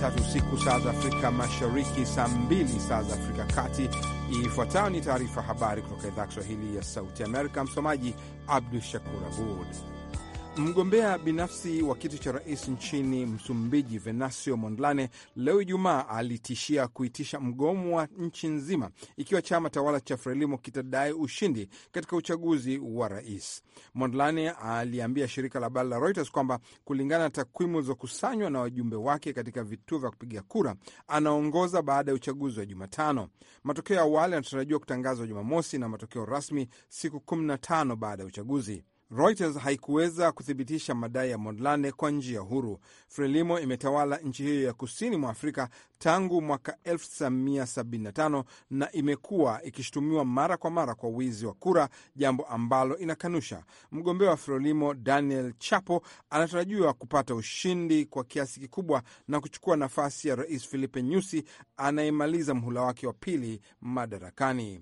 tatu usiku saa za Afrika Mashariki, saa mbili saa za Afrika Kati. Ifuatayo ni taarifa habari kutoka idhaa Kiswahili ya Sauti Amerika. Msomaji Abdu Shakur Abud. Mgombea binafsi wa kiti cha rais nchini Msumbiji, Venancio Mondlane, leo Ijumaa alitishia kuitisha mgomo wa nchi nzima ikiwa chama tawala cha Frelimo kitadai ushindi katika uchaguzi wa rais. Mondlane aliambia shirika la habari la Reuters kwamba kulingana na takwimu zilizokusanywa na wajumbe wake katika vituo vya kupiga kura, anaongoza baada ya uchaguzi wa Jumatano. Matokeo ya awali yanatarajiwa kutangazwa Jumamosi na matokeo rasmi siku 15 baada ya uchaguzi. Reuters haikuweza kuthibitisha madai ya Mondlane kwa njia huru. Frelimo imetawala nchi hiyo ya kusini mwa Afrika tangu mwaka 1975 na imekuwa ikishutumiwa mara kwa mara kwa wizi wa kura, jambo ambalo inakanusha. Mgombea wa Frelimo Daniel Chapo anatarajiwa kupata ushindi kwa kiasi kikubwa na kuchukua nafasi ya Rais Filipe Nyusi anayemaliza mhula wake wa pili madarakani.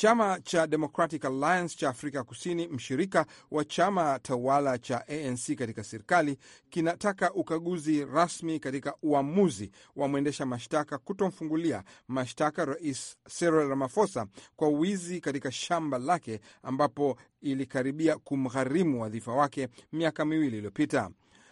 Chama cha Democratic Alliance cha Afrika Kusini, mshirika wa chama tawala cha ANC katika serikali, kinataka ukaguzi rasmi katika uamuzi wa mwendesha mashtaka kutomfungulia mashtaka Rais Cyril Ramaphosa kwa wizi katika shamba lake ambapo ilikaribia kumgharimu wadhifa wake miaka miwili iliyopita.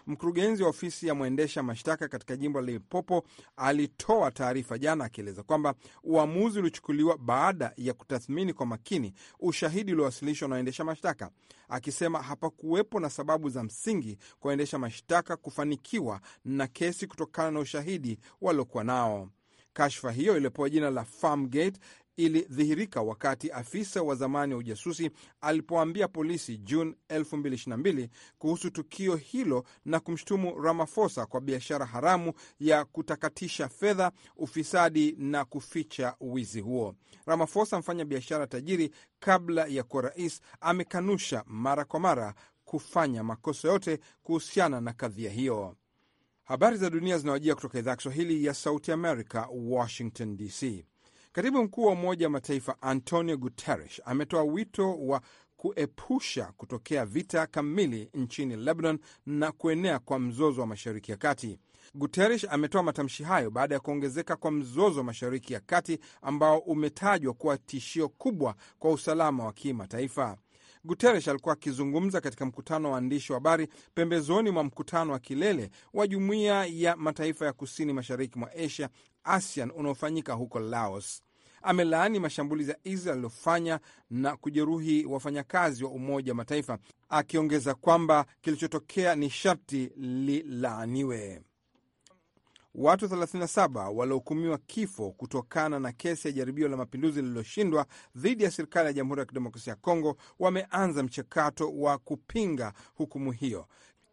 Mkurugenzi wa ofisi ya mwendesha mashtaka katika jimbo la Limpopo alitoa taarifa jana akieleza kwamba uamuzi uliochukuliwa baada ya kutathmini kwa makini ushahidi uliowasilishwa na waendesha mashtaka, akisema hapakuwepo na sababu za msingi kwa waendesha mashtaka kufanikiwa na kesi kutokana na ushahidi waliokuwa nao. Kashfa hiyo iliyopewa jina la Farmgate ilidhihirika wakati afisa wa zamani wa ujasusi alipoambia polisi Juni 2022 kuhusu tukio hilo na kumshutumu Ramaphosa kwa biashara haramu ya kutakatisha fedha, ufisadi na kuficha wizi huo. Ramaphosa, mfanya biashara tajiri kabla ya kuwa rais, amekanusha mara kwa mara kufanya makosa yote kuhusiana na kadhia hiyo. Habari za dunia zinawajia kutoka idhaa ya Kiswahili ya Sauti Amerika, Washington DC. Katibu mkuu wa Umoja wa Mataifa Antonio Guterres ametoa wito wa kuepusha kutokea vita kamili nchini Lebanon na kuenea kwa mzozo wa Mashariki ya Kati. Guterres ametoa matamshi hayo baada ya kuongezeka kwa mzozo wa Mashariki ya Kati ambao umetajwa kuwa tishio kubwa kwa usalama wa kimataifa. Guterres alikuwa akizungumza katika mkutano wa waandishi wa habari pembezoni mwa mkutano wa kilele wa Jumuiya ya Mataifa ya Kusini Mashariki mwa Asia, ASEAN, unaofanyika huko Laos amelaani mashambulizi ya Israel yaliyofanya na kujeruhi wafanyakazi wa Umoja wa Mataifa, akiongeza kwamba kilichotokea ni sharti lilaaniwe. Watu 37 waliohukumiwa kifo kutokana na kesi ya jaribio la mapinduzi lililoshindwa dhidi ya serikali ya Jamhuri ya Kidemokrasia ya Kongo wameanza mchakato wa kupinga hukumu hiyo.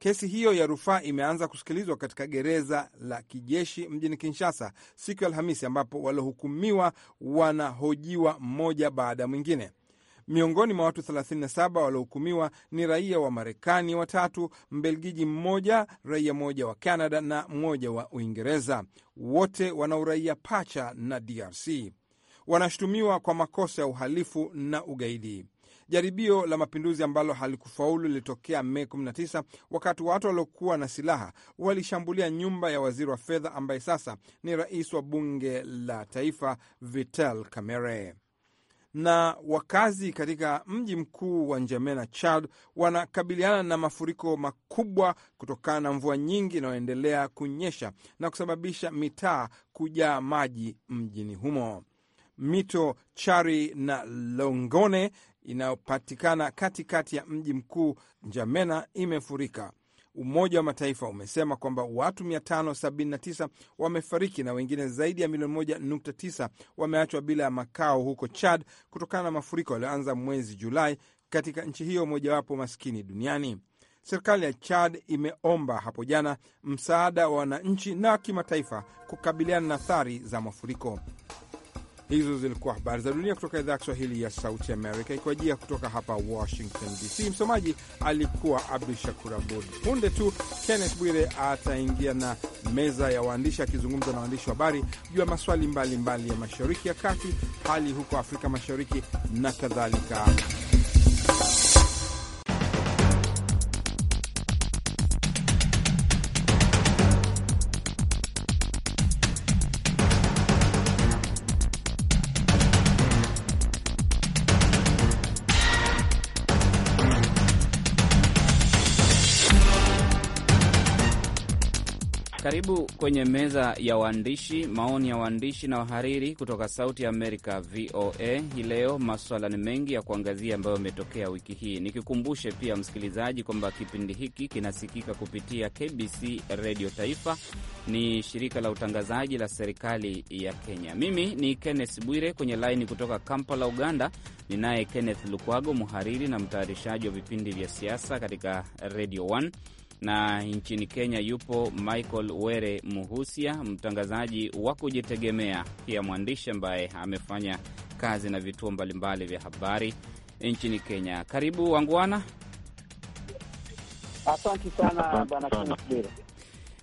Kesi hiyo ya rufaa imeanza kusikilizwa katika gereza la kijeshi mjini Kinshasa siku ya Alhamisi, ambapo waliohukumiwa wanahojiwa mmoja baada ya mwingine. Miongoni mwa watu 37 waliohukumiwa ni raia wa Marekani watatu, Mbelgiji mmoja, raia mmoja wa Canada na mmoja wa Uingereza. Wote wana uraia pacha na DRC. Wanashutumiwa kwa makosa ya uhalifu na ugaidi. Jaribio la mapinduzi ambalo halikufaulu lilitokea Mei 19 wakati watu waliokuwa na silaha walishambulia nyumba ya waziri wa fedha ambaye sasa ni rais wa bunge la taifa Vital Kamerhe na wakazi katika mji mkuu wa Njamena, Chad, wanakabiliana na mafuriko makubwa kutokana na mvua nyingi inayoendelea kunyesha na kusababisha mitaa kujaa maji mjini humo. Mito Chari na Longone inayopatikana katikati ya mji mkuu Njamena imefurika. Umoja wa Mataifa umesema kwamba watu 579 wamefariki na wengine zaidi ya milioni 1.9 wameachwa bila ya makao huko Chad kutokana na mafuriko yaliyoanza mwezi Julai katika nchi hiyo mojawapo maskini duniani. Serikali ya Chad imeomba hapo jana msaada wa wananchi na kimataifa kukabiliana na athari za mafuriko. Hizo zilikuwa habari za dunia kutoka idhaa ya Kiswahili ya Sauti Amerika, ikiwajia kutoka hapa Washington DC. Msomaji alikuwa Abdu Shakur Abud. Punde tu Kenneth Bwire ataingia na meza ya waandishi, akizungumza na waandishi wa habari juu ya maswali mbalimbali mbali ya Mashariki ya Kati, hali huko Afrika Mashariki na kadhalika. Karibu kwenye meza ya waandishi, maoni ya waandishi na wahariri kutoka Sauti ya Amerika, VOA. Hii leo maswala ni mengi ya kuangazia ambayo yametokea wiki hii. Nikikumbushe pia msikilizaji kwamba kipindi hiki kinasikika kupitia KBC Redio Taifa, ni shirika la utangazaji la serikali ya Kenya. Mimi ni Kenneth Bwire, kwenye laini kutoka Kampala, Uganda. Ninaye Kenneth Lukwago, mhariri na mtayarishaji wa vipindi vya siasa katika Radio na nchini Kenya yupo Michael Were Muhusia, mtangazaji wa kujitegemea pia mwandishi ambaye amefanya kazi na vituo mbalimbali vya habari nchini Kenya. Karibu wangwana. Asante sana bwana.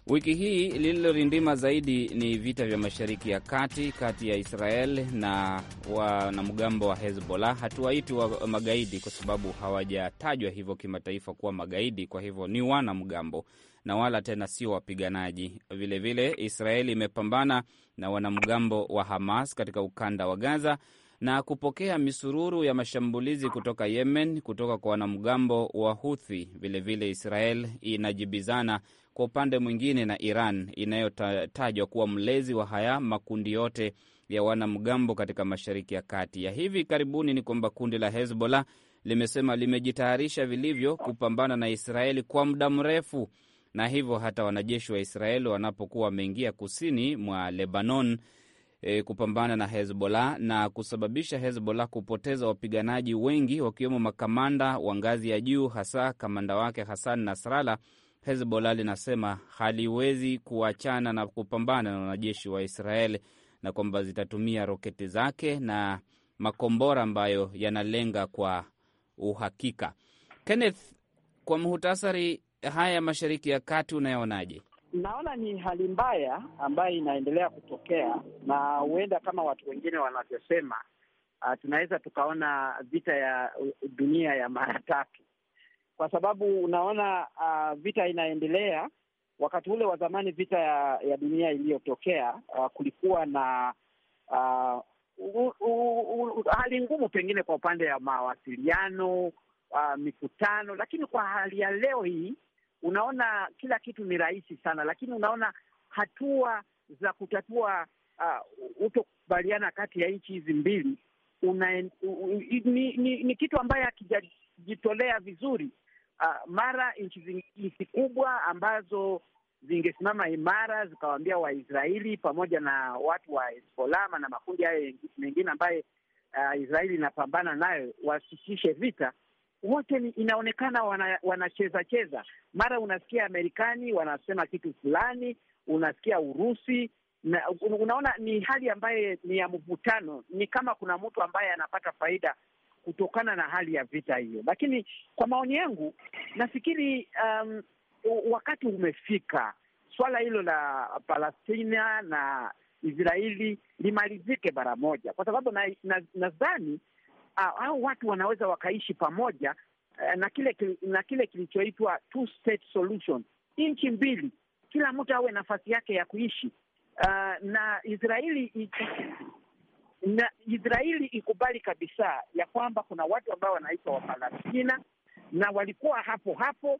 Wiki hii lililorindima zaidi ni vita vya Mashariki ya Kati kati ya Israel na wanamgambo wa Hezbollah. Hatuwaiti wa magaidi kwa sababu hawajatajwa hivyo kimataifa kuwa magaidi, kwa hivyo ni wanamgambo na wala tena sio wapiganaji. Vilevile israel imepambana na wanamgambo wa Hamas katika ukanda wa Gaza na kupokea misururu ya mashambulizi kutoka Yemen kutoka kwa wanamgambo wa Huthi. Vilevile, Israel inajibizana kwa upande mwingine na Iran inayotajwa kuwa mlezi wa haya makundi yote ya wanamgambo katika Mashariki ya Kati. Ya hivi karibuni ni kwamba kundi la Hezbollah limesema limejitayarisha vilivyo kupambana na Israeli kwa muda mrefu, na hivyo hata wanajeshi wa Israeli wanapokuwa wameingia kusini mwa Lebanon e, kupambana na Hezbollah na kusababisha Hezbollah kupoteza wapiganaji wengi wakiwemo makamanda wa ngazi ya juu, hasa kamanda wake Hassan Nasrallah. Hezbollah linasema haliwezi kuachana na kupambana na wanajeshi wa israel na kwamba zitatumia roketi zake na makombora ambayo yanalenga kwa uhakika. Kenneth, kwa muhtasari, haya mashariki ya kati unayaonaje? Naona ni hali mbaya ambayo inaendelea kutokea, na huenda kama watu wengine wanavyosema, uh, tunaweza tukaona vita ya dunia ya mara tatu, kwa sababu unaona uh, vita inaendelea. Wakati ule wa zamani vita ya, ya dunia iliyotokea, uh, kulikuwa na uh, u, u, u, hali ngumu pengine kwa upande ya mawasiliano uh, mikutano, lakini kwa hali ya leo hii unaona kila kitu ni rahisi sana, lakini unaona hatua za kutatua uh, utokubaliana kati ya nchi hizi mbili una, ni, ni, ni kitu ambayo hakijajitolea vizuri uh, mara nchi nchi kubwa ambazo zingesimama imara zikawaambia Waisraeli pamoja na watu wa Hezbollah na makundi hayo mengine ambaye uh, Israeli inapambana nayo wasitishe vita, wote ni inaonekana wanacheza wana cheza, mara unasikia Amerikani wanasema kitu fulani, unasikia Urusi na, unaona ni hali ambaye ni ya mvutano, ni kama kuna mtu ambaye anapata faida kutokana na hali ya vita hiyo. Lakini kwa maoni yangu nafikiri um, wakati umefika swala hilo la Palestina na Israeli limalizike mara moja, kwa sababu nadhani na, hao watu wanaweza wakaishi pamoja eh, na kile na kile kilichoitwa two state solution, nchi mbili, kila mtu awe nafasi yake ya kuishi uh, na Israeli na Israeli ikubali kabisa ya kwamba kuna watu ambao wanaitwa wapalastina na walikuwa hapo hapo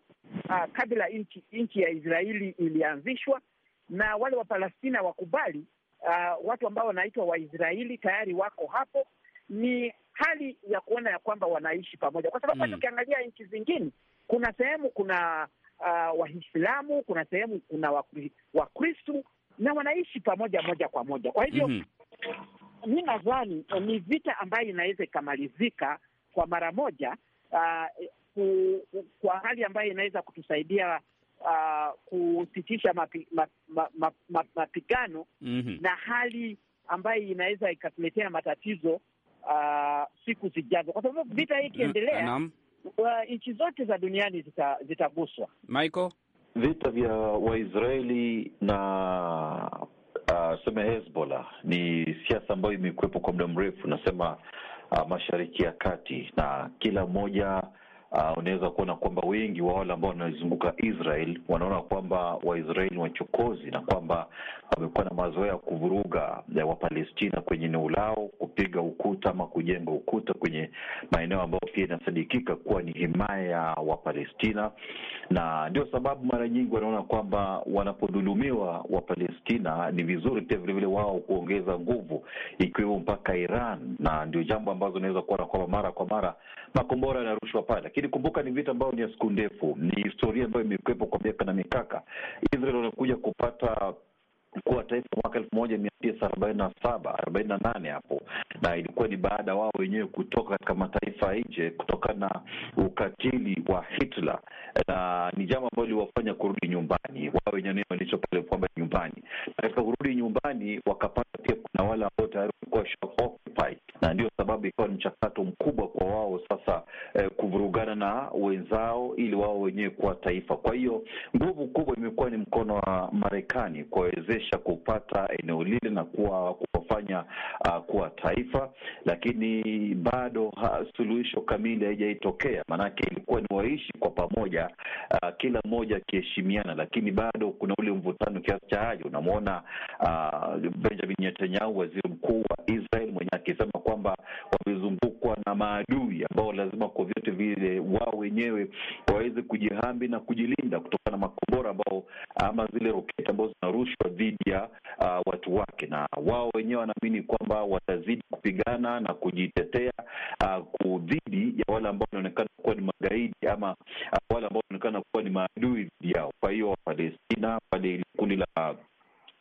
uh, kabla nchi ya Israeli ilianzishwa, na wale wapalastina wakubali uh, watu ambao wanaitwa Waisraeli tayari wako hapo. Ni hali ya kuona ya kwamba wanaishi pamoja, kwa sababu hata mm. ukiangalia nchi zingine, kuna sehemu kuna uh, Waislamu, kuna sehemu kuna Wakristu na wanaishi pamoja moja kwa moja. Kwa hivyo mm -hmm. mi nadhani eh, ni vita ambayo inaweza ikamalizika kwa mara moja, uh, ku, kwa hali ambayo inaweza kutusaidia uh, kusitisha mapi, map, map, map, mapigano mm -hmm. na hali ambayo inaweza ikatuletea matatizo uh, siku zijazo, kwa sababu vita hii ikiendelea mm, uh, nchi zote za duniani zitaguswa. Michael, vita vya Waisraeli na uh, Hezbollah ni siasa ambayo imekuwepo kwa muda mrefu, nasema uh, mashariki ya kati, na kila mmoja uh, unaweza kuona kwamba wengi wa wale ambao wanaizunguka Israel wanaona kwamba Waisraeli wachokozi na kwamba wamekuwa na mazoea ya kuvuruga eh, Wapalestina kwenye eneo lao, kupiga ukuta ama kujenga ukuta kwenye maeneo ambayo pia inasadikika kuwa ni himaya ya Wapalestina, na ndio sababu mara nyingi wanaona kwamba wanapodhulumiwa Wapalestina ni vizuri pia vilevile wao kuongeza nguvu, ikiwemo mpaka Iran, na ndio jambo ambazo unaweza kuona kwamba mara kwa mara makombora yanarushwa pale lakini kumbuka ni vita ambayo ni ya siku ndefu, ni historia ambayo imekwepo kwa miaka na mikaka. Israel wanakuja kupata kuwa taifa mwaka elfu moja mia tisa arobaini na saba arobaini na nane hapo, na ilikuwa ni baada wao wenyewe kutoka katika mataifa ya nje kutokana na ukatili wa Hitler, na ni jambo ambalo liliwafanya kurudi nyumbani. Wao wenyewe walicho pale kwamba nyumbani, na katika kurudi nyumbani wakapata pia kuna wale ambao tayari walikuwa occupy, na ndio sababu ikawa ni mchakato mkubwa kwa wao sasa eh, kuvurugana na wenzao ili wao wenyewe kuwa taifa. Kwa hiyo nguvu kubwa imekuwa ni mkono wa Marekani kuwawezesha kuwawezesha kupata eneo lile na kuwa kuwafanya uh, kuwa taifa, lakini bado ha, suluhisho kamili haijaitokea. Maanake ilikuwa ni waishi kwa pamoja, uh, kila mmoja akiheshimiana, lakini bado kuna ule mvutano kiasi cha haja. Unamwona uh, Benjamin Netanyahu, waziri mkuu wa Israel mwenye akisema kwamba wamezungukwa na maadui ambao lazima kwa vyote vile wao wenyewe waweze kujihambi na kujilinda kutokana na makombora ambao ama zile roketi ambazo zinarushwa dhidi ya uh, watu wake, na wao wenyewe wanaamini kwamba watazidi kupigana na kujitetea uh, dhidi ya wale ambao wanaonekana kuwa ni magaidi ama uh, wale ambao wanaonekana kuwa ni maadui dhidi yao. Kwa hiyo Wapalestina, pale kundi la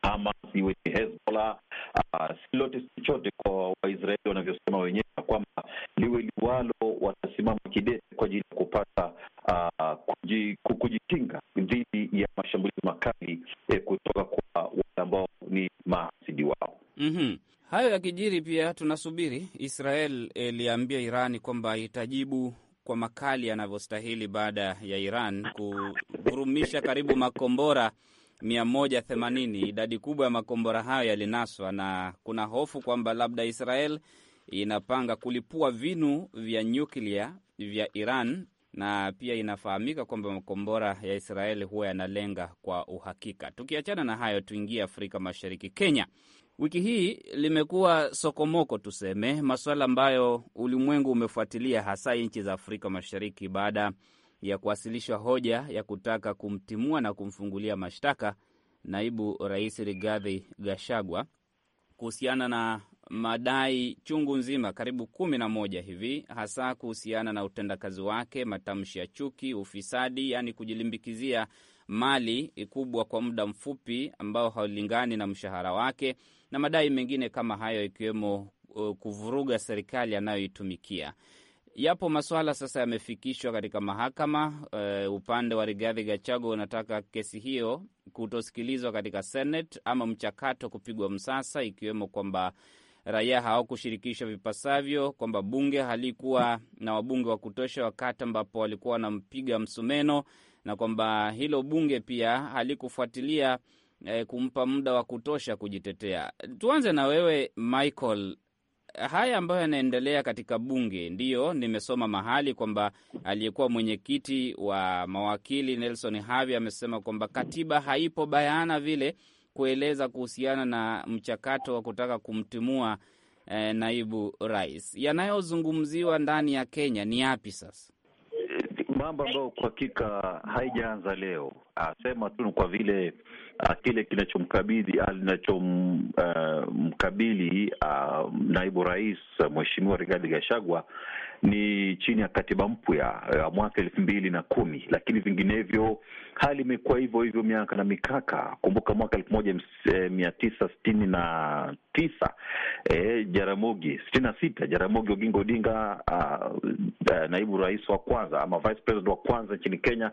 Hamas, iwe ni Hezbollah Ah, si lote si chote kwa Waisraeli wanavyosema wenyewe na kwamba liwe liwalo, watasimama kidete kwa ajili ya kupata uh, kujikinga dhidi ya mashambulizi makali eh, kutoka kwa wale ambao ni maasidi wao. mm -hmm. Hayo yakijiri, pia tunasubiri Israel iliambia eh, Irani kwamba itajibu kwa makali yanavyostahili baada ya Iran kuhurumisha karibu makombora 180. Idadi kubwa ya makombora hayo yalinaswa, na kuna hofu kwamba labda Israel inapanga kulipua vinu vya nyuklia vya Iran, na pia inafahamika kwamba makombora ya israel huwa yanalenga kwa uhakika. Tukiachana na hayo, tuingie Afrika Mashariki. Kenya wiki hii limekuwa sokomoko, tuseme, masuala ambayo ulimwengu umefuatilia, hasa nchi za Afrika Mashariki baada ya kuwasilisha hoja ya kutaka kumtimua na kumfungulia mashtaka naibu rais Rigathi Gachagua kuhusiana na madai chungu nzima karibu kumi na moja hivi hasa kuhusiana na utendakazi wake, matamshi ya chuki, ufisadi, yaani kujilimbikizia mali kubwa kwa muda mfupi ambao haulingani na mshahara wake na madai mengine kama hayo, ikiwemo uh, kuvuruga serikali anayoitumikia. Yapo maswala sasa yamefikishwa katika mahakama. Uh, upande wa Rigathi Gachagua unataka kesi hiyo kutosikilizwa katika Senate ama mchakato kupigwa msasa, ikiwemo kwamba raia hawakushirikishwa vipasavyo, kwamba bunge halikuwa na wabunge wa kutosha wakati ambapo walikuwa wanampiga msumeno, na kwamba hilo bunge pia halikufuatilia eh, kumpa muda wa kutosha kujitetea. Tuanze na wewe Michael, haya ambayo yanaendelea katika bunge, ndiyo nimesoma mahali kwamba aliyekuwa mwenyekiti wa mawakili Nelson Havi amesema kwamba katiba haipo bayana vile kueleza kuhusiana na mchakato wa kutaka kumtimua eh, naibu rais. Yanayozungumziwa ndani ya Kenya ni yapi sasa? mambo ambayo kwa hakika haijaanza leo. Asema tu ni kwa vile ah, kile kinachomkabidhi kinachomkabili ah, ah, uh, uh, naibu rais Mheshimiwa Rigathi Gachagua ni chini ya katiba mpya ya mwaka elfu mbili na kumi, lakini vinginevyo hali imekuwa hivyo hivyo miaka na mikaka. Kumbuka mwaka elfu moja eh, mia tisa sitini na tisa e, Jaramogi sitini na sita Jaramogi Oginga Odinga, ah, eh, naibu rais wa kwanza ama vice president wa kwanza nchini Kenya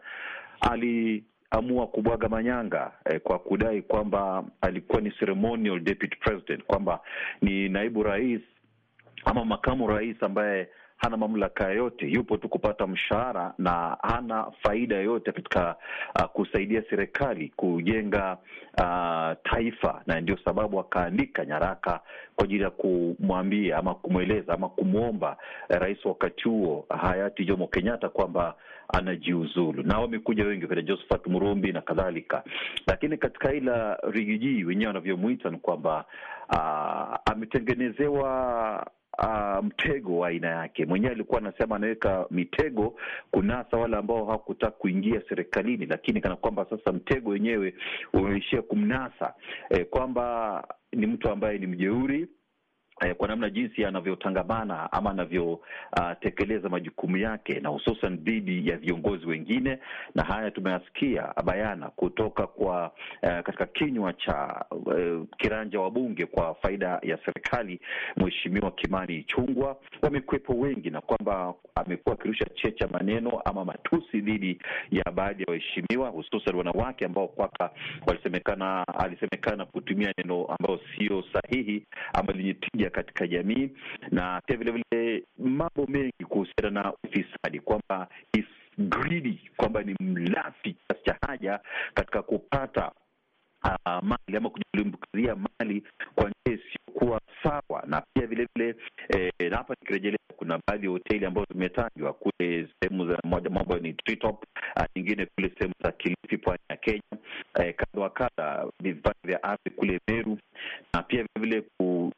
ali amua kubwaga manyanga eh, kwa kudai kwamba alikuwa ni ceremonial deputy president, kwamba ni naibu rais ama makamu rais ambaye hana mamlaka yoyote, yupo tu kupata mshahara na hana faida yoyote katika uh, kusaidia serikali kujenga uh, taifa, na ndio sababu akaandika nyaraka kwa ajili ya kumwambia ama kumweleza ama kumwomba uh, rais wakati huo hayati Jomo Kenyatta kwamba anajiuzulu, na wamekuja wengi kina Josephat Murumbi na kadhalika, lakini katika ila rigijii wenyewe wanavyomwita ni kwamba uh, ametengenezewa uh, mtego wa aina yake. Mwenyewe alikuwa anasema anaweka mitego kunasa wale ambao hawakutaka kuingia serikalini, lakini kana kwamba sasa mtego wenyewe umeishia kumnasa eh, kwamba ni mtu ambaye ni mjeuri eh, kwa namna jinsi anavyotangamana ama anavyotekeleza ah, uh, majukumu yake na hususan dhidi ya viongozi wengine, na haya tumeyasikia bayana kutoka kwa uh, katika kinywa cha uh, kiranja wa bunge kwa faida ya serikali, Mheshimiwa Kimani Chungwa. Wamekwepo wengi na kwamba amekuwa akirusha checha maneno ama matusi dhidi ya baadhi ya waheshimiwa hususan wanawake ambao kwaka walisemekana, alisemekana kutumia neno ambayo sio sahihi ama lenye tija kuingia katika jamii, na pia vilevile mambo mengi kuhusiana na ufisadi kwamba kwamba ni mlafi kiasi cha haja katika kupata Uh, mali ama kujilumbukizia mali kwa njia isiyokuwa sawa, na pia vilevile eh, na hapa nikirejelea, kuna baadhi ya hoteli ambazo zimetajwa kule sehemu za moja, mambo ni Treetop, uh, nyingine kule sehemu za Kilifi, pwani ya Kenya, eh, kadha wa kadha, vipande vya ardhi kule Meru, na pia vilevile ku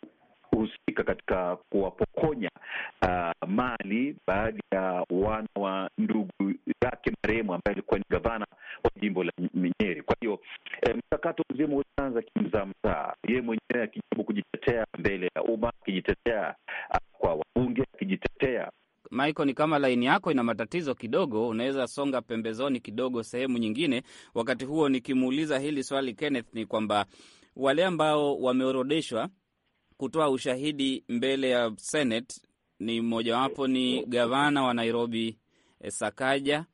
kuhusika katika kuwapokonya uh, mali baadhi ya wana wa ndugu yake marehemu ambaye alikuwa ni gavana wa jimbo la Nyeri. Kwa hiyo eh, mchakato mzima ulianza kimzaamzaa, yeye mwenyewe akijaribu kujitetea mbele ya umma, akijitetea uh, kwa wabunge, akijitetea Michael, ni kama laini yako ina matatizo kidogo, unaweza songa pembezoni kidogo sehemu nyingine. Wakati huo nikimuuliza hili swali Kenneth, ni kwamba wale ambao wameorodeshwa kutoa ushahidi mbele ya Senate ni mmojawapo ni gavana wa Nairobi eh, Sakaja,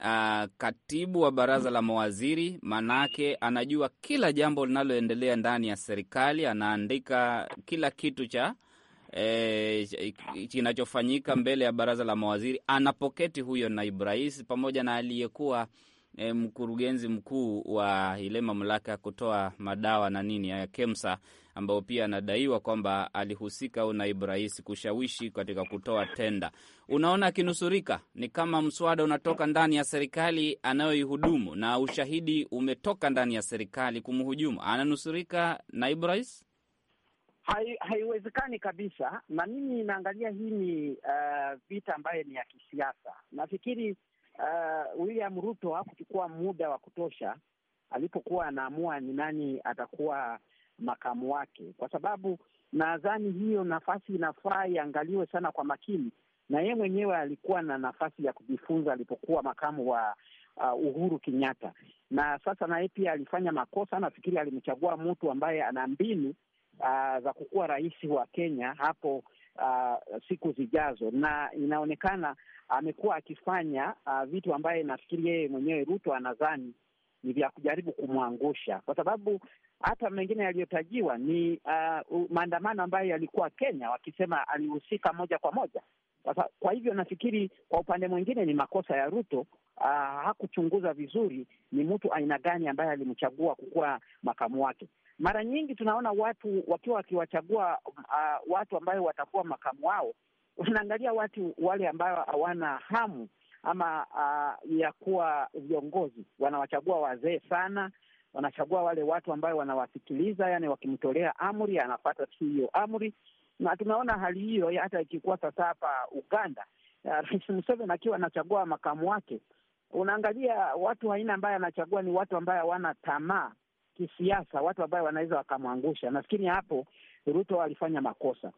uh, katibu wa baraza la mawaziri, manake anajua kila jambo linaloendelea ndani ya serikali, anaandika kila kitu cha eh, kinachofanyika mbele ya baraza la mawaziri anapoketi huyo naibu rais pamoja na aliyekuwa e, mkurugenzi mkuu wa ile mamlaka ya kutoa madawa na nini ya KEMSA ambao pia anadaiwa kwamba alihusika au naibu rais kushawishi katika kutoa tenda. Unaona akinusurika ni kama mswada unatoka ndani ya serikali anayoihudumu, na ushahidi umetoka ndani ya serikali kumhujumu, ananusurika naibu rais. Hai, haiwezekani kabisa, na mimi naangalia hii ni uh, vita ambayo ni ya kisiasa. Nafikiri uh, William Ruto hakuchukua muda wa kutosha alipokuwa anaamua ni nani atakuwa makamu wake, kwa sababu nadhani hiyo nafasi inafaa iangaliwe sana kwa makini, na yeye mwenyewe alikuwa na nafasi ya kujifunza alipokuwa makamu wa uh, Uhuru Kenyatta, na sasa naye pia alifanya makosa. Nafikiri alimchagua mtu ambaye ana mbinu uh, za kukuwa rais wa Kenya hapo uh, siku zijazo, na inaonekana amekuwa akifanya uh, vitu ambaye nafikiri yeye mwenyewe Ruto anadhani ni vya kujaribu kumwangusha, kwa sababu hata mengine yaliyotajiwa ni uh, maandamano ambayo yalikuwa Kenya, wakisema alihusika moja kwa moja. Sasa kwa hivyo nafikiri kwa upande mwingine ni makosa ya Ruto. Uh, hakuchunguza vizuri ni mtu aina gani ambaye alimchagua kukuwa makamu wake. Mara nyingi tunaona watu wakiwa wakiwachagua uh, watu ambayo watakuwa makamu wao, wanaangalia watu wale ambayo hawana hamu ama uh, ya kuwa viongozi. Wanawachagua wazee sana wanachagua wale watu ambayo wanawasikiliza, yani wakimtolea amri anapata tu hiyo amri, na tumeona hali hiyo hata ikikuwa sasa hapa Uganda, eh, Rais Museveni akiwa anachagua makamu wake, unaangalia watu aina ambaye anachagua ni watu ambaye hawana tamaa kisiasa, watu ambaye wanaweza wakamwangusha. Nafikiri hapo Ruto alifanya makosa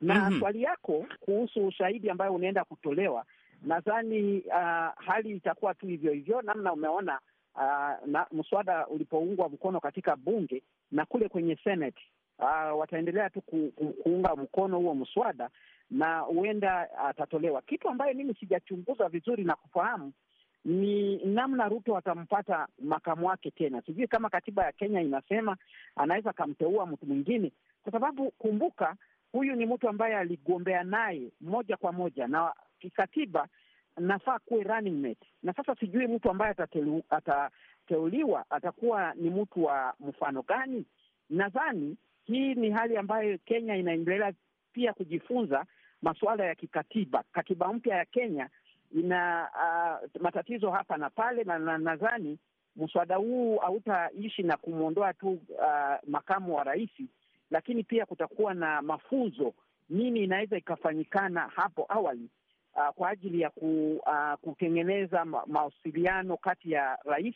na mm -hmm. Swali yako kuhusu ushahidi ambayo unaenda kutolewa, nadhani uh, hali itakuwa tu hivyo hivyo namna umeona uh, na mswada ulipoungwa mkono katika bunge na kule kwenye Senate uh, wataendelea tu ku, ku, kuunga mkono huo mswada na huenda atatolewa. Kitu ambayo mimi sijachunguza vizuri na kufahamu ni namna Ruto atampata makamu wake tena. Sijui kama katiba ya Kenya inasema anaweza akamteua mtu mwingine, kwa sababu kumbuka, huyu ni mtu ambaye aligombea naye moja kwa moja, na kikatiba nafaa kuwe running mate, na sasa sijui mtu ambaye atateuliwa atakuwa ni mtu wa mfano gani. Nadhani hii ni hali ambayo Kenya inaendelea pia kujifunza masuala ya kikatiba. Katiba mpya ya Kenya ina uh, matatizo hapa na pale, na nadhani mswada huu hautaishi na kumwondoa tu uh, makamu wa rahisi lakini pia kutakuwa na mafunzo, nini inaweza ikafanyikana hapo awali uh, kwa ajili ya ku, uh, kutengeneza ma mawasiliano kati ya rais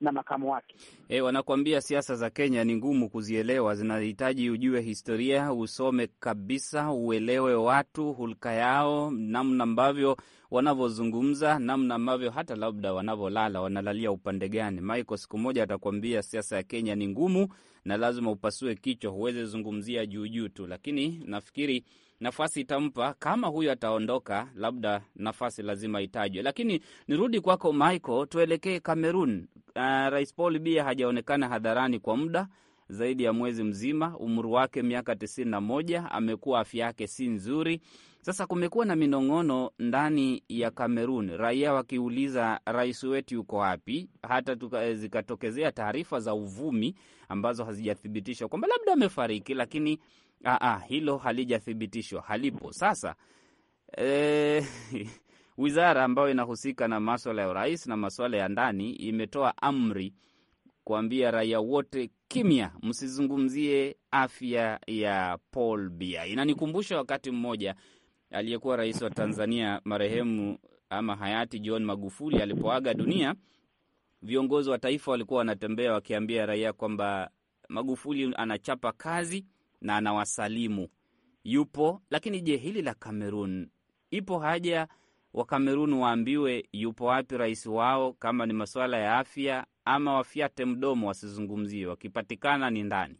na makamu wake. E, wanakuambia siasa za Kenya ni ngumu kuzielewa, zinahitaji ujue historia, usome kabisa, uelewe watu, hulka yao, namna ambavyo wanavyozungumza, namna ambavyo hata labda wanavyolala, wanalalia upande gani. Michael siku moja atakuambia siasa ya Kenya ni ngumu na lazima upasue kichwa, huwezezungumzia zungumzia juujuu tu, lakini nafikiri nafasi itampa kama huyo ataondoka, labda nafasi lazima itajwe. Lakini nirudi kwako Michael, tuelekee Cameroon. Uh, Rais Paul Biya hajaonekana hadharani kwa muda zaidi ya mwezi mzima. Umri wake miaka tisini na moja, amekuwa afya yake si nzuri. Sasa kumekuwa na minong'ono ndani ya Kamerun, raia wakiuliza rais wetu yuko wapi, hata eh, zikatokezea taarifa za uvumi ambazo hazijathibitishwa kwamba labda amefariki, lakini Aa, ah, ah, hilo halijathibitishwa, halipo. Sasa e, wizara ambayo inahusika na maswala ya urais na maswala ya ndani imetoa amri kuambia raia wote kimya, msizungumzie afya ya Paul Bia. Inanikumbusha wakati mmoja aliyekuwa rais wa Tanzania marehemu ama hayati John Magufuli alipoaga dunia, viongozi wa taifa walikuwa wanatembea wakiambia raia kwamba Magufuli anachapa kazi na anawasalimu yupo. Lakini je, hili la Kamerun, ipo haja wa Kamerun waambiwe yupo wapi rais wao kama ni masuala ya afya, ama wafyate mdomo wasizungumzie, wakipatikana ni ndani?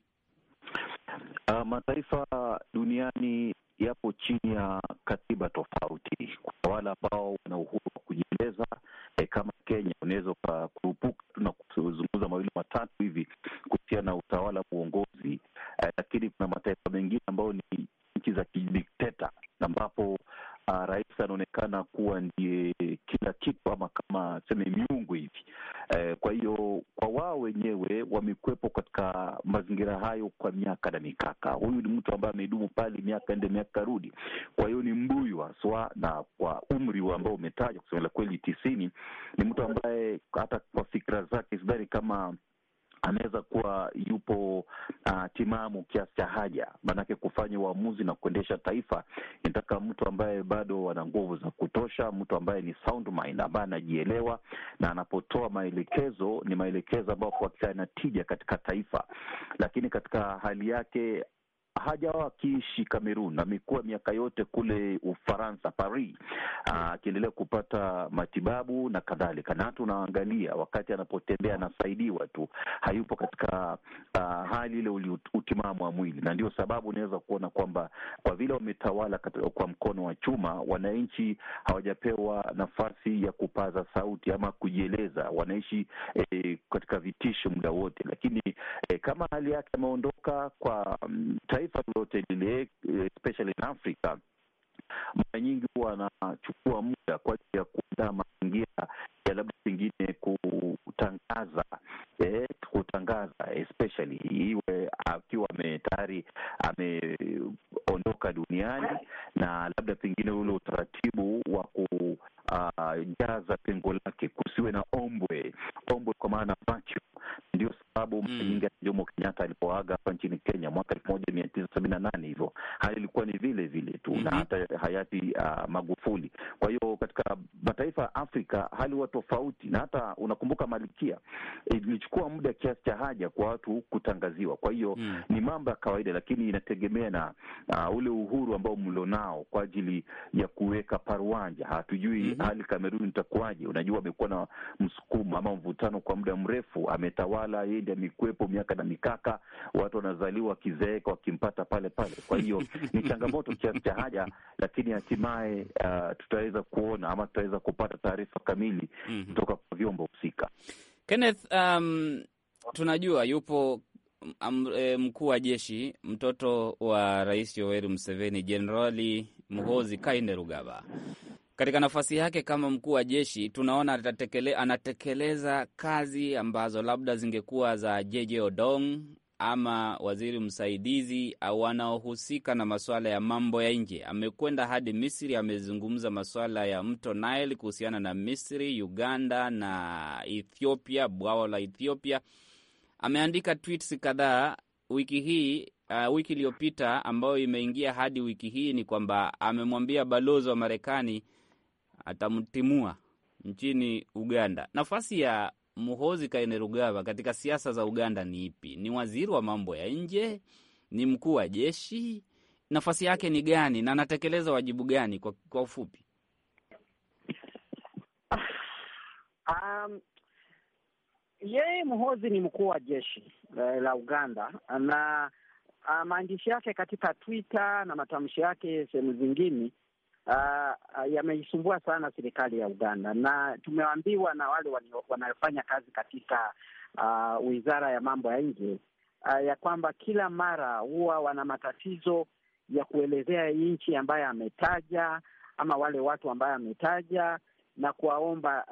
Uh, mataifa duniani yapo chini ya katiba tofauti. Kwa wale ambao wana uhuru wa kujieleza e, kama Kenya unaweza ukakurupuka tu na kuzungumza mawili matatu hivi kuhusiana na utawala, uongozi Eh, lakini kuna mataifa mengine ambayo ni nchi za kidikteta ambapo uh, rais anaonekana kuwa ndiye kila kitu ama kama seme miungu hivi. Eh, kwa hiyo kwa wao wenyewe wamekuwepo katika mazingira hayo kwa miaka na mikaka. Huyu ni mtu ambaye amedumu pale miaka ende miaka rudi, kwa hiyo ni mbuyu haswa, na kwa umri ambao umetajwa kusemela kweli, tisini, ni mtu ambaye hata kwa fikira zake sidhani kama anaweza kuwa yupo uh, timamu kiasi cha haja, maanake kufanya uamuzi na kuendesha taifa inataka mtu ambaye bado ana nguvu za kutosha, mtu ambaye ni sound mind, ambaye anajielewa na anapotoa maelekezo ni maelekezo ambayo kwa hakika yanatija katika taifa, lakini katika hali yake hajawa akiishi Kamerun, amekuwa miaka yote kule Ufaransa, Paris, ah, akiendelea kupata matibabu na kadhalika, na hata unaangalia wakati anapotembea anasaidiwa tu, hayupo katika aa, ah, hali ile utimamu wa mwili, na ndio sababu unaweza kuona kwamba kwa vile wametawala kwa mkono wa chuma, wananchi hawajapewa nafasi ya kupaza sauti ama kujieleza, wanaishi e, katika vitisho muda wote, lakini e, kama hali yake ameondoka kwa um, mataifa yote lile, eh, especially in Africa, mara nyingi huwa anachukua muda kwa ajili ya kuandaa mazingira ya labda pengine kutangaza eh, kutangaza especially iwe akiwa tayari ameondoka duniani watu wanazaliwa wakizeeka wakimpata pale pale. Kwa hiyo ni changamoto kiasi cha haja, lakini hatimaye uh, tutaweza kuona ama tutaweza kupata taarifa kamili mm kutoka -hmm. kwa vyombo husika. Kenneth, um, tunajua yupo um, eh, mkuu wa jeshi mtoto wa Rais Yoweri Museveni, Jenerali Muhozi Kainerugaba. Katika nafasi yake kama mkuu wa jeshi, tunaona anatekeleza kazi ambazo labda zingekuwa za JJ Odong ama waziri msaidizi au wanaohusika na masuala ya mambo ya nje. Amekwenda hadi Misri, amezungumza masuala ya mto Nile kuhusiana na Misri, Uganda na Ethiopia, bwawa la Ethiopia. Ameandika tweets kadhaa wiki hii uh, wiki iliyopita ambayo imeingia hadi wiki hii ni kwamba amemwambia balozi wa Marekani atamtimua nchini Uganda. Nafasi ya Muhozi Kainerugaba katika siasa za Uganda ni ipi? Ni waziri wa mambo ya nje? Ni mkuu wa jeshi? Nafasi yake ni gani na anatekeleza wajibu gani? Kwa, kwa ufupi ah, um, yeye Muhozi ni mkuu wa jeshi eh, la Uganda na ah, maandishi yake katika Twitter na matamshi yake sehemu zingine uh, yameisumbua sana serikali ya Uganda, na tumeambiwa na wale wanayofanya kazi katika uh, wizara ya mambo ya nje uh, ya kwamba kila mara huwa wana matatizo ya kuelezea nchi ambayo ametaja ama wale watu ambayo ametaja na kuwaomba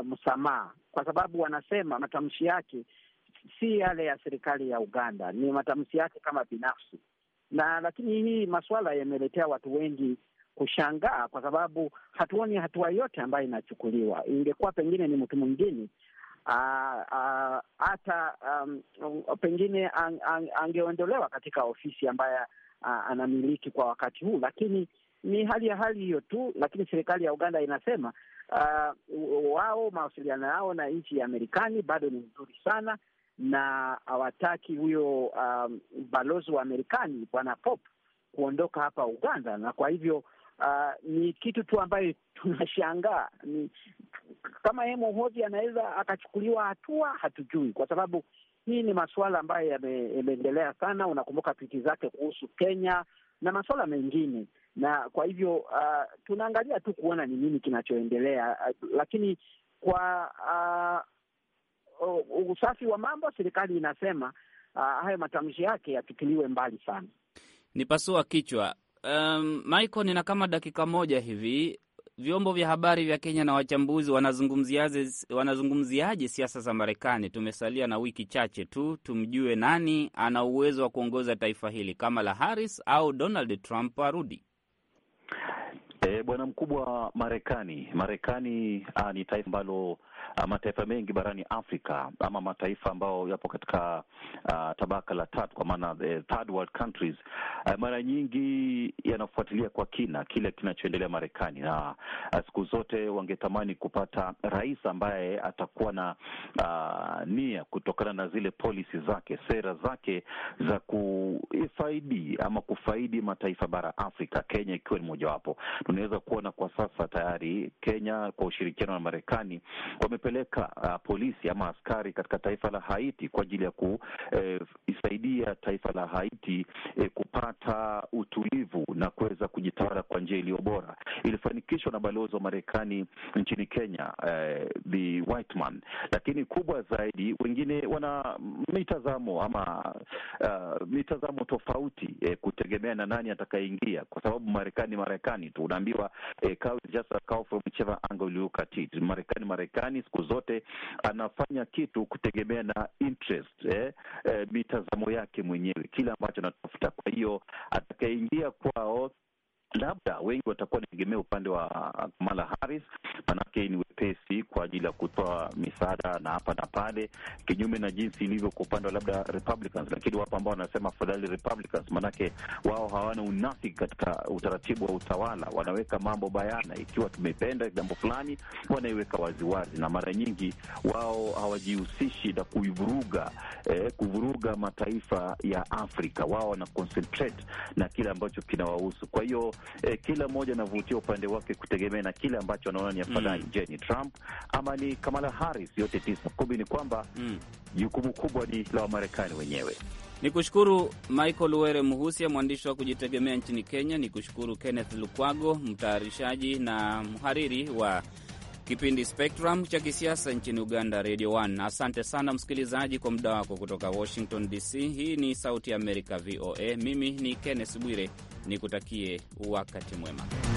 uh, msamaha kwa sababu wanasema matamshi yake si yale ya serikali ya Uganda, ni matamshi yake kama binafsi. Na lakini hii masuala yameletea watu wengi kushangaa kwa sababu hatuoni hatua yote ambayo inachukuliwa. Ingekuwa pengine ni mtu mwingine hata um, pengine ang, ang, angeondolewa katika ofisi ambayo anamiliki kwa wakati huu, lakini ni hali ya hali hiyo tu. Lakini serikali ya Uganda inasema uh, wao mawasiliano yao na nchi ya Marekani bado ni mzuri sana, na hawataki huyo um, balozi wa Marekani Bwana Pop kuondoka hapa Uganda, na kwa hivyo uh, ni kitu tu ambayo tunashangaa ni kama yeye Muhoji anaweza akachukuliwa hatua, hatujui, kwa sababu hii ni masuala ambayo yameendelea sana. Unakumbuka piti zake kuhusu Kenya na masuala mengine, na kwa hivyo uh, tunaangalia tu kuona ni nini kinachoendelea uh, lakini kwa uh, usafi wa mambo, serikali inasema uh, hayo matamshi yake yatupiliwe mbali sana. Ni pasua kichwa um, Michael, nina kama dakika moja hivi. Vyombo vya habari vya Kenya na wachambuzi wanazungumziaje wanazungumziaje siasa za Marekani? Tumesalia na wiki chache tu tumjue nani ana uwezo wa kuongoza taifa hili, Kamala Harris au Donald Trump arudi. E, bwana mkubwa, Marekani Marekani ah, ni taifa ambalo Ah, mataifa mengi barani Afrika ama mataifa ambayo yapo katika uh, tabaka la tatu kwa maana eh, third world countries uh, mara nyingi yanafuatilia kwa kina kile kinachoendelea Marekani, na uh, siku zote wangetamani kupata rais ambaye atakuwa na uh, nia kutokana na zile policy zake, sera zake za kuifaidi ama kufaidi mataifa bara Afrika, Kenya ikiwa ni mojawapo. Tunaweza kuona kwa sasa tayari Kenya kwa ushirikiano na Marekani wame wamepeleka uh, polisi ama askari katika taifa la Haiti kwa ajili ya ku eh, kusaidia taifa la Haiti e, kupata utulivu na kuweza kujitawala kwa njia iliyo bora. Ilifanikishwa na balozi wa Marekani nchini Kenya eh, e, Bi lakini kubwa zaidi, wengine wana mitazamo ama uh, mitazamo tofauti e, kutegemea na nani atakayeingia, kwa sababu Marekani Marekani tu unaambiwa e, Marekani Marekani siku zote anafanya kitu kutegemea na interest eh, eh, mitazamo yake mwenyewe, kile ambacho anatafuta. Kwa hiyo atakayeingia kwao labda wengi watakuwa naegemea upande wa Kamala Harris, manake ni pesi kwa ajili ya kutoa misaada na hapa na pale, kinyume na jinsi ilivyo kwa upande wa labda Republicans. Lakini wapo ambao wanasema afadhali Republicans, maanake wao hawana unafiki katika utaratibu wa utawala, wanaweka mambo bayana. Ikiwa tumependa jambo fulani, wanaiweka waziwazi, na mara nyingi wao hawajihusishi na kuivuruga eh, kuvuruga mataifa ya Afrika. Wao wana concentrate na kile ambacho kinawahusu. Kwa hiyo eh, kila mmoja anavutia upande wake kutegemea na kile ambacho anaona ni afadhali. Mm. Jeni Trump ama ni Kamala Harris, yote tisa kumi, ni kwamba mm. jukumu mm, kubwa ni la Wamarekani wenyewe. Ni kushukuru Michael Were Muhusia, mwandishi wa kujitegemea nchini Kenya. Ni kushukuru Kenneth Lukwago, mtayarishaji na mhariri wa kipindi Spectrum cha kisiasa nchini Uganda, Radio 1. Asante sana msikilizaji kwa muda wako. Kutoka Washington DC, hii ni Sauti ya Amerika, VOA. Mimi ni Kenneth Bwire, nikutakie wakati mwema.